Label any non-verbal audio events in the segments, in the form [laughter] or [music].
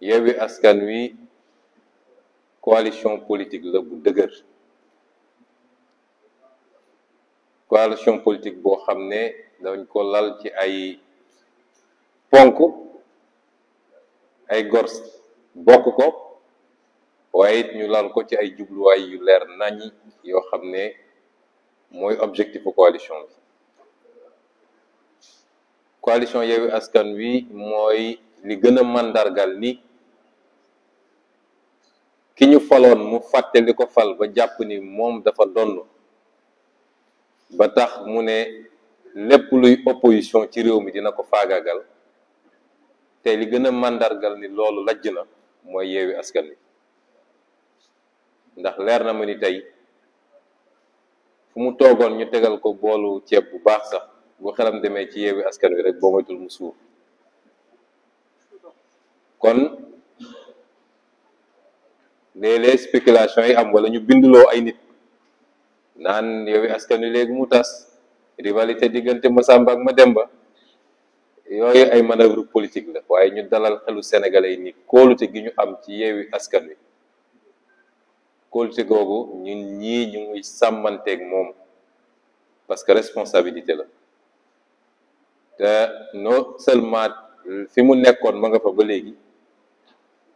y Askan Wi coalition politique la bu coalition politique bo xamné dañ ko lal ci ay ay gors été ko ñu lal ko ci ay way yu leer nañi yo xamné été objectif coalition coalition été Askan Wi moy li a ki ñu faloon mu fàtte li ko fal ba jàpp ni moom dafa donn ba tax mu ne lépp luy opposition ci réew mi dina ko faagaagal te li gën a màndargal ni loolu lajj na mooy yeewi askan wi ndax leer na ma ni tey fu mu toogoon ñu tegal ko boolu ceeb bu baax sax bu xelam demee ci yeewi askan wi rek boo moytul mu suur kon léeg-léeg spéculation yi am wala ñu binduloo ay nit naan yow askan wi léegi mu tas rivalité diggante ma Masamba ak Mademba yooyu ay manœuvre politique la waaye ñu dalal xelu sénégalais yi nit kóolute gi ñu am ci yeewi askan wi kóolute googu ñu ñii ñu ngi sàmmanteeg moom parce que responsabilité la te non seulement fi mu nekkoon ma nga fa ba léegi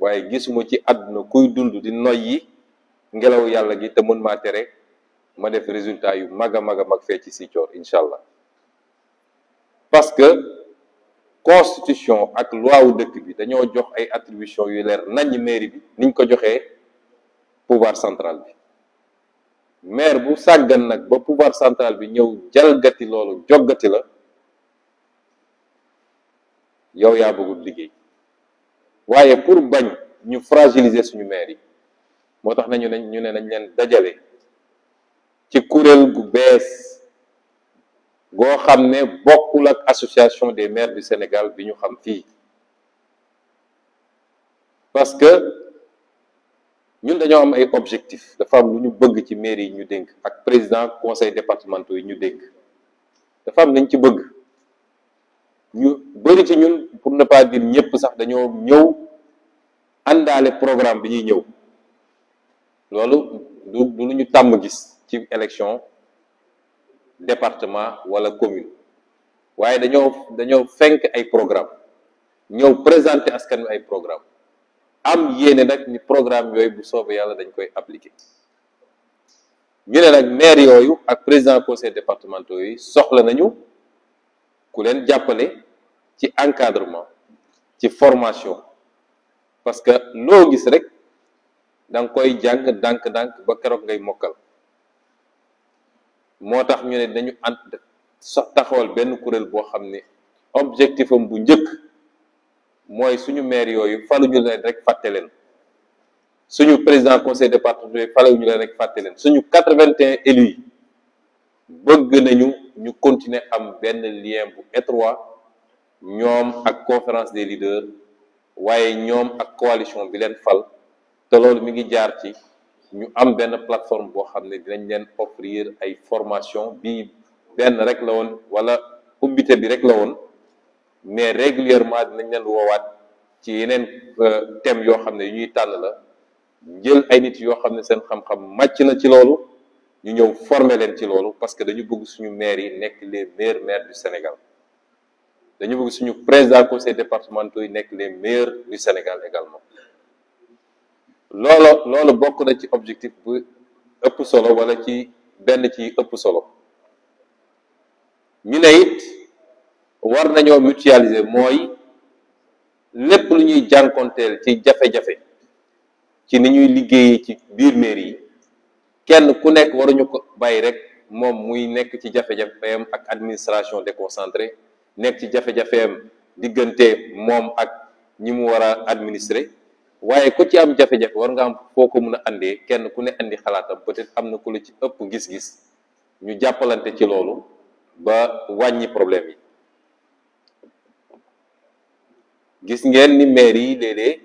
waaye gisuma ci àdduna kuy dund di yi ngelaw yàlla gi te mën maa tere ma def résultat yu mag a mag a mag fee ci si coor allah parce que constitution ak loi wu dëkk bi dañoo jox ay attribution yu leer nañ maire bi niñ ko joxee pouvoir central bi maire bu sàggan nag ba pouvoir central bi ñëw jalgati loolu joggati la yow yaa bëggul liggéey waaye pour bañ ñu fragiliser suñu maire yi moo tax nañu ñu ne nañ leen dajale ci kuréel gu bees goo xam ne bokkul ak association des maires du Sénégal bi ñu xam fii parce que ñun dañoo am ay objectifs dafa am lu ñu bëgg ci maire yi ñu dénk ak président conseil départementaux yi ñu dénk dafa am nañ ci bëgg ñu bëri ci ñun pour ne pas dire ñepp sax dañoo ñëw àndaale programme bi ñuy ñëw lolu du du lu ñu tam gis ci élection département wala commune waaye dañoo dañoo fenk ay programme ñëw présenter askan ay programme am yéene nak ni programme yoy bu soobee yalla dañ koy appliquer ñu ne nak maire yooyu ak président conseil départemental yi soxla nañu ku len jappalé ci encadrement ci formation parce que lo gis rek dang koy jang dank dank ba ngay ñu dañu objectif am bu ñëk moy suñu maire leen rek leen suñu président conseil départemental ñu leen rek leen suñu élus bëgg nañu ñu continuer am benn lien bu étroit ñoom ak conférence des leaders waaye ñoom ak coalition bi leen fal te loolu mi ngi jaar ci ñu am benn plateforme boo xam ne dinañ leen offrir ay formation bii benn rek la woon wala ubbite bi rek la woon mais régulièrement dinañ leen woowaat ci yeneen euh, thème yoo xam ne yu ñuy tànn la jël ay nit yoo xam ne seen xam-xam màcc na ci loolu ñu ñëw former leen ci loolu parce que dañu bëgg suñu maires yi nekk les meilleurs maires du Sénégal dañu bëgg suñu président conseil départementaux yi nekk les meilleurs du Sénégal également loolo loolu bokk na ci objectif bu ëpp solo wala ci benn ci ëpp solo ñu ne it war nañoo mutualiser mooy lépp lu ñuy jànkonteel ci jafe-jafe ci ni ñuy liggéeyee ci biir mairie yi kenn ku nekk waruñu ko bàyyi rek moom muy nekk ci jafe-jafeem ak administration déconcentrée nekk ci jafe-jafeem diggante moom ak ñi mu war a administrer waaye ko ci am jafe-jafe war nga am foo ko mun a andee kenn ku ne indi xalaatam peut-être am na ku la ci ëpp gis-gis ñu jàppalante ci loolu ba wàññi problème yi gis ngeen ni maire yi léeg-léeg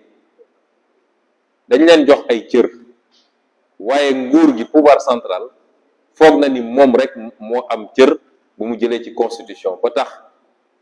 dañ leen jox ay cër waaye nguur gi pouvoir central foog na ni moom rek moo am cër bu mu jëlee ci constitution ba tax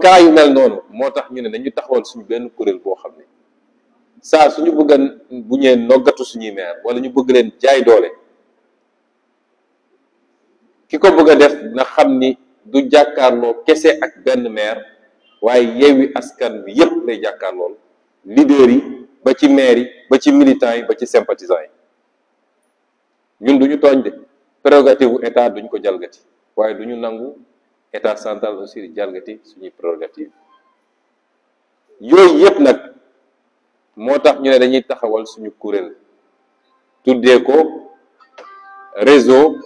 kaa yu mel non motax ñu ne dañu taxawal suñu benn kurel bo xamne sa suñu bëgg bu ñe nogatu suñu mer wala ñu bëgg leen jaay doole kiko bëgg def na xamni du jakarlo kese ak benn mer waaye yewi askan bi yépp lay jàkkaarlool leader yi ba ci maire yi ba ci militant yi ba ci sympathisant yi ñun duñu togn de prérogative état duñ ko jalgati waaye duñu nangu état central aussi di jalgati suñu prerogative yoy yep nak motax ñu né dañuy taxawal suñu courel tuddé ko réseau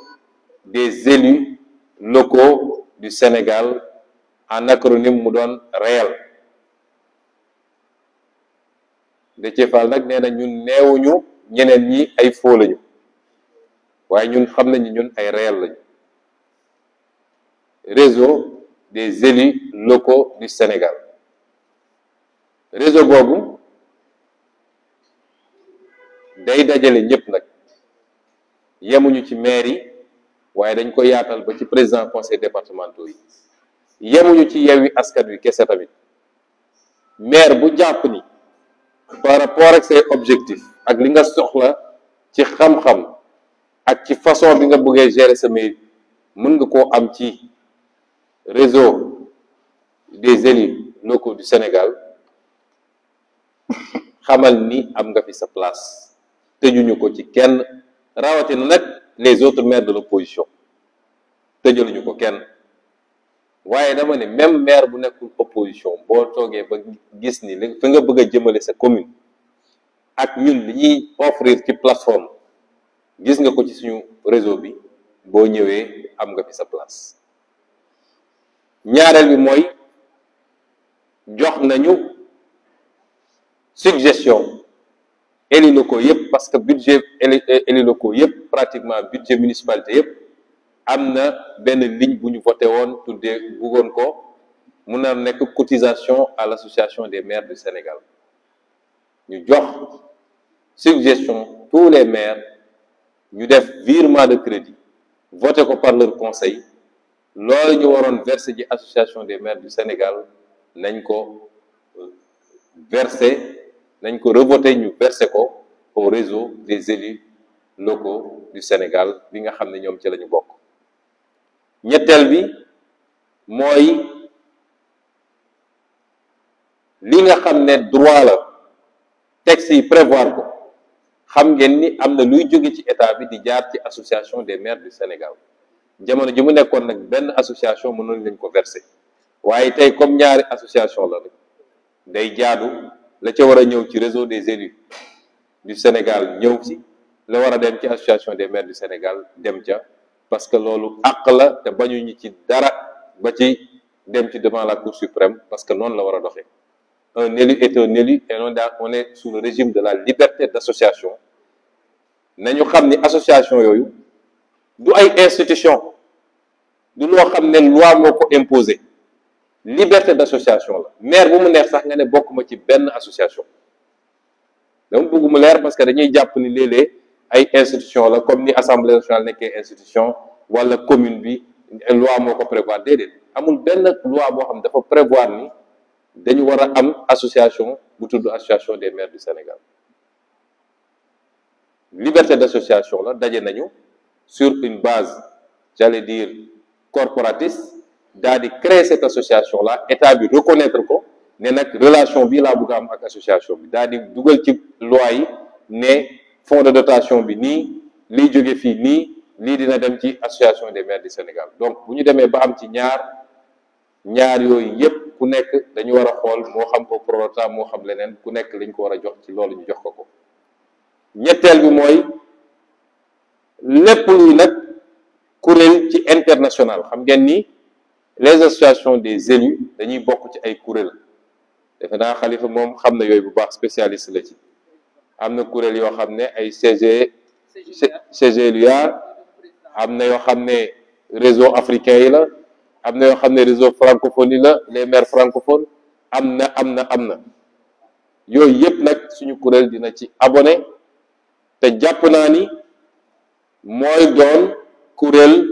des élus locaux du Sénégal en acronyme mu don réel Déthié Fall nag nee na ñun néwuñu ñeneen ñi ay fo lañu waye ñun xamnañ ñun ay réel lañu réseau des élus locaux du Sénégal réseau boobu day dajale ñëpp nak yemuñu ci maire yi dañ ko yaatal ba ci président conseil départemental yi yemuñu ci yewi askat Wi tamit maire bu japp ni par rapport à ses objectifs, ak li nga soxla ci xam-xam ak façon bi nga gérer réseau des élus locaux du Sénégal xamal ni sa place ko ci kenn les autres maires de l'opposition tëjaluñu ko kenn waaye dama ne même maire bu nekkul opposition boo toogee ba gis ni nga sa commune ak ñun offrir plateforme gis nga ko ci réseau sa place nous bi mooy jox nañu suggestion locaux parce que budget municipal est yëpp pratiquement budget municipalité yëpp am na ligne bu ñu voté woon tuddee bëggoon ko na cotisation à l'association des maires du Sénégal ñu jox suggestion tous les maires ñu def virement de crédit voté ko par leur conseil loolu ñu waroon versé ji association des maires du Sénégal nañ ko euh, versé nañ ko revoté ñu versé ko au réseau des élus locaux du Sénégal bi nga xam ne ñoom ci lañu ñu bokk ñetteel bi mooy li nga xam ne droit la texte yi prévoir ko xam ngeen ni am na luy jóge ci état bi di jaar ci association des maires du Sénégal jamono ji mu nekkoon nag benn association mënoon lañ ko verser waaye tey comme ñaari association la nag day jaadu la ca war a ñëw ci réseau des élus du Sénégal ñëw ci la war a dem ci association des maires du Sénégal dem ca parce que loolu àq la te bañuñu ci dara ba ci dem ci devant la Cour suprême parce que noonu la war a doxee un élu est un élu et non on est sous le régime de la liberté d'association nañu xam ni association yooyu du ay institution du loo xam loi moko imposer liberté d'association la maire bu mu neex sax nga ne bokuma ci ben association dama bëgg mu leer parce que dañuy japp ni lélé ay institution la comme ni assemblée nationale nekkee institution wala commune bi loi moko prévoir déedéet amul ben loi boo xam dafa prévoir ni dañu wara am association bu tudd association des maires du Sénégal liberté d'association la dajé nañu sur une base j'allais dire corporatiste daal di créer cette association là état bi reconnaître ko né nak relation bi la bëgg a ak association bi daal di dugal ci loi yi né fonds de dotation bi ni li jóge fii ni lii dina dem ci association des maires du Sénégal donc buñu démé ba am ci ñaar ñaar yoy yépp ku nekk dañu wara xol mo xam ko pro mo xam leneen ku nekk liñ ko wara jox ci lolu ñu jox ko ko ñettel bi moy lepp luy nag international xam les associations des élus dañuy bokk ci ay kuréel defe naa Khalifa moom xam na bu baax spécialiste la ci am na yo yoo xam ne ay CG CGLUA am na yoo xam réseau africain yi la am na yoo réseau francophones la les maires francophones amna amna amna Yo yep n'ak suñu kuréel dina ci abonné te jàpp naa ni moy doon kuréel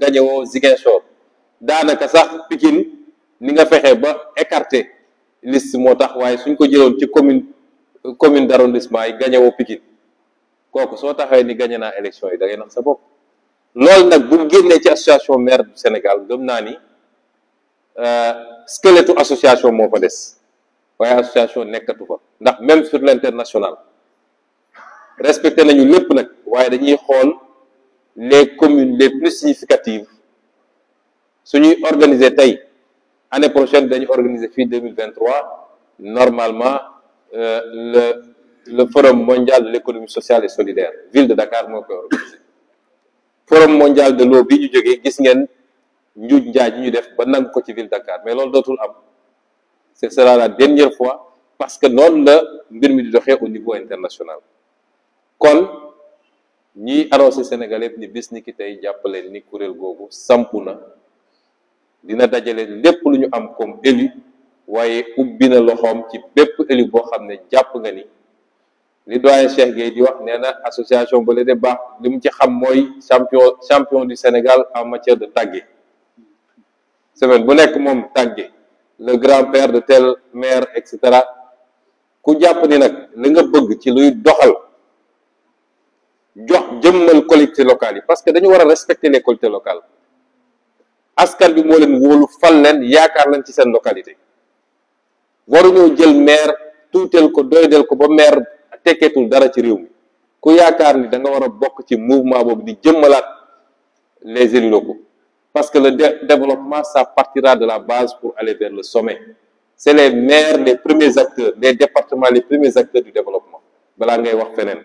gañewoo Ziguinchor daanaka sax Pikine ni nga fexe ba écarté liste moo tax waaye suñ ko jëloon ci commune commune d'arrondissement yi gañewoo Pikine kooku soo taxee ni gañe naa élection yi da ngay nax sa bopp loolu nag bu génnee ci association maire Sénégal gëm naa ni euh, squelettu association moo fa des waaye association nekkatu fa ndax même sur l'international respecté nañu lépp nag waaye dañuy xool les communes les plus significatives su ñuy organiser année prochaine allons organiser fin 2023 normalement euh, le forum mondial de l'économie sociale et solidaire ville de Dakar nous organiser forum mondial de l'eau nous ñu jógee gis ngeen njuuj njaaj ñu def ba ville Dakar mais nous tout am ce sera la dernière fois parce que nous, la mbir au niveau international kon ñi annoncé Sénégal yëpp ni bis ni ki tey jàppaleen ni kuréel googu sampu na dina dajale lépp lu ñu am comme élu waaye ubbi na loxoom ci bépp élu boo xam ne jàpp nga ni li doyen Cheikh Gueye di wax nee na association ba la de baax li mu ci xam mooy champion champion du Sénégal en matière de tàgge semaine bu nekk moom tàgge le grand-père de tell maire et cetera ku jàpp ni nag li nga bëgg ci luy doxal jox jëmmal collectivité locales yi parce que dañu war a respecter les collectivités locales askan bi moo leen wóolu fal leen yaakaar leen ci seen localité waruñoo jël maire tuuteel ko doydel ko ba maire tekketul dara ci réew mi ku yaakaar ni da nga war a bokk ci mouvement boobu di jëmmalaat les élus locaux parce que le développement ça partira de la base pour aller vers le sommet c'est les maires les premiers acteurs les départements les premiers acteurs du développement balaa ngay wax feneen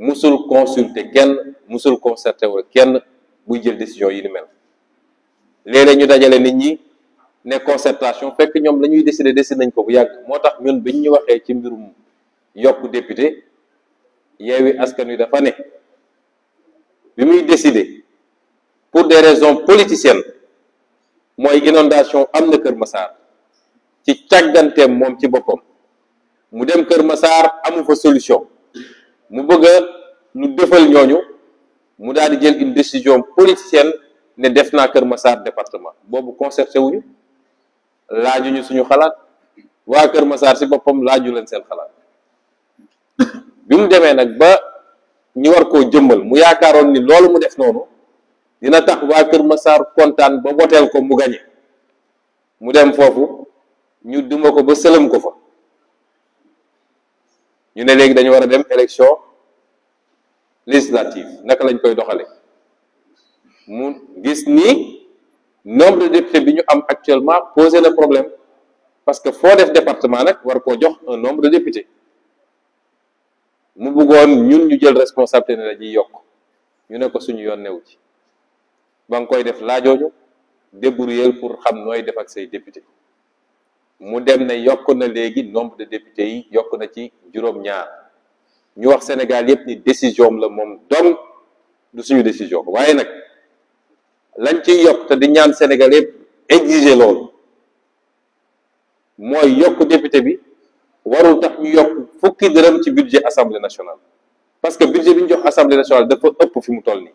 musul consulter kenn musul concerté wu kenn buy jël décision yi ni mel léeg ñu dajale nit ñi ne concertation fekk ñoom la décider décider nañ ko bu yàgg moo tax ñun ñu waxee ci mbirum yokk député Askan Wi dafa ne bi muy décider pour des raisons politiciennes mooy inondation am Kër Massar ci càgganteem moom ci boppam mu dem Kër amu fa solution mu bëgg a ñu defal ñooñu mu daal di jël une décision politicienne ne def naa Kër Massar département boobu concerté wuñu laajuñu suñu xalaat waa Kër Massar ci boppam laaju leen seen xalaat bi mu demee nag ba ñu war koo jëmmal mu yaakaaroon ni loolu mu def noonu dina tax waa Kër Massar kontaan ba woteel ko mu gañe mu dem foofu ñu duma ko ba sëlëm ko fa ñu ne léegi dañu war a dem élection législative naka lañ koy doxale mu gis ni nombre de députés bi ñu am actuellement posé le problème parce que foo def département nag war koo jox un nombre de députés mu bëggoon ñun ñu jël responsabilité ne dañuy yokk ñu ne ko suñu yoon newu ci ba nga koy def laajooñu débrouiller pour xam nooy def ak say députés mu dem ne yokk na léegi nombre de députés yi yokk na ci juróom-ñaar ñu wax Sénégal yépp ni décision la moom dong du suñu décision waaye nag lañ ciy yokk te di ñaan Sénégal yépp exiger loolu mooy yokk député bi warul tax ñu yokk fukki dërëm ci budget assemblée nationale parce que budget bi ñu jox assemblée nationale dafa ëpp fi mu toll nii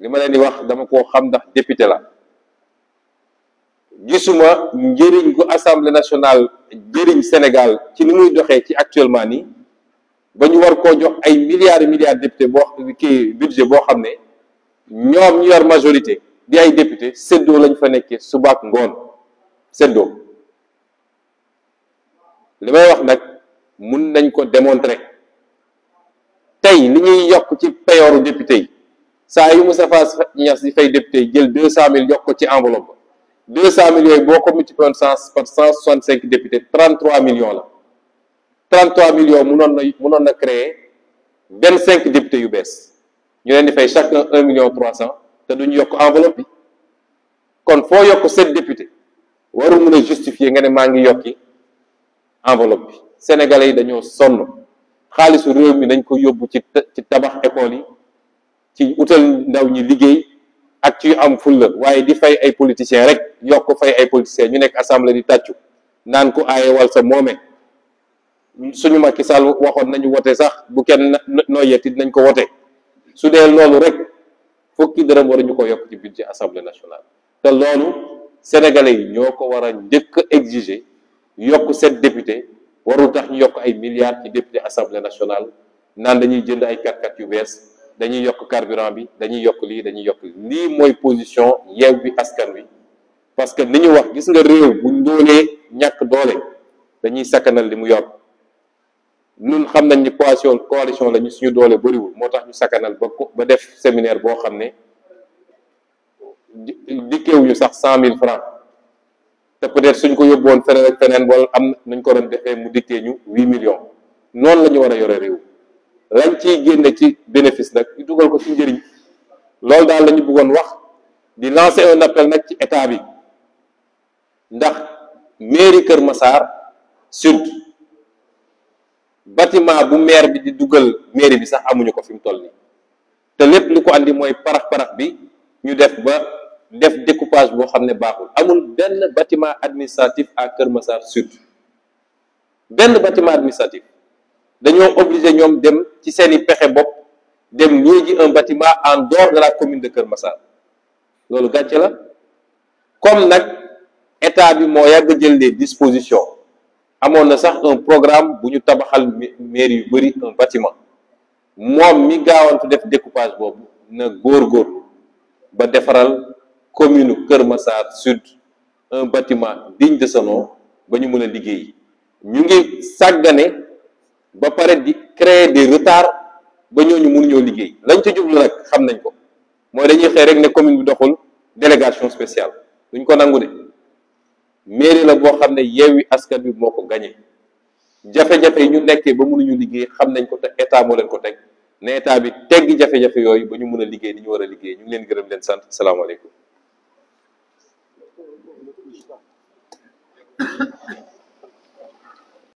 li ma leen di wax dama koo xam ndax député la gisuma njëriñ gu assemblée nationale njëriñ Sénégal ci li muy doxee ci actuellement nii ba ñu war koo jox ay milliards et milliards député boo kii budget boo xam ne ñoom ñu yor majorité di ay député séddoo lañu fa nekkee suba ak ngoon séddoo li may wax nag mun nañ ko démontrer tey li ñuy yokk ci peyooru député yi saa yu Moustapha Niasse di fay député yi jël deux cent mille yokk ci enveloppe 200 millions est multiplié par 165 députés 33 millions là. 33 millions nous a 25 députés yu avons ñu chacun 1 million Nous avons te duñu enveloppe kon députés waru justifier ngi enveloppe sénégalais Nous dañoo sonn xaalisu réew mi dañ ko ci ci école yi ci ndaw ak ci am fulla waaye di fay ay politiciens rek yokk fay ay politiciens ñu nekk assemblée di tàccu naan ku aaye wal sa moome suñu Macky Sall waxoon nañu wote sax bu kenn noyyati nañ ko wote su dee loolu rek fukki dërëm waruñu ko yokk ci budget assemblée nationale te loolu sénégalais yi ñoo ko war a njëkk a yokk set député warul tax ñu yokk ay milliards ci député assemblée nationale naan dañuy jënd ay katkat yu bees dañuy yokk carburant bi dañuy yokk lii dañuy yokk lii mooy position yeew bi askan wi parce que ni ñu wax gis nga réew bu ndóolee ñàkk doole dañuy sakkanal li mu yor ñun xam nañ ni coalition coalition la ñu suñu doole bëriwul moo tax ñu sakkanal ba ba def séminaire boo xam ne dikkeewuñu sax cent mille francs te peut suñ ko yóbbu woon feneen ak feneen wala am nañ ko doon defee mu dikkee ñu huit million noonu la ñu war a yore réew lañ ciy génne ci bénéfice nag ñu dugal ko ci njëriñ loolu daal lañu bëggoon wax di lancer un appel nag ci état bi ndax mairie Kër Massar sud bâtiment bu maire bi di dugal mairie bi sax amuñu ko fi mu toll nii te ko andi mooy parax parax bi ñu def ba def découpage boo xam ne baaxul amul benn bâtiment administratif à Kër Massar sud benn bâtiment administratif. dañoo obligé ñoom dem ci seeni pexe bopp dem louer un bâtiment en dehors de la commune de Kër Massar loolu gàcce la comme nag état bi moo yàgg jël les dispositions amoon na sax un programme bu ñu tabaxal maire yu bëri un bâtiment moom mi gaawantu def découpage boobu na góorgóorlu ba defaral commune Kër Massar Sud un bâtiment digne de ce nom ba ñu mën a liggéey ñu ngi sàggane ba pare di créer des retards ba ñooñu mënu ñoo liggéey lañ ca jublu nag xam nañ ko mooy dañuy xëy rek ne commune bi doxul délégation spéciale duñ ko nangu de mairie la boo xam ne Yewwi Askan Wi moo ko gagné jafe-jafe yi ñu nekkee ba mënuñu liggéey xam nañ ko te état moo leen ko teg ne état bi tegg jafe-jafe yooyu ba ñu mën a liggéey ni ñu war a liggéey ñu ngi leen gërëm leen sant salaamaaleykum [coughs] [coughs]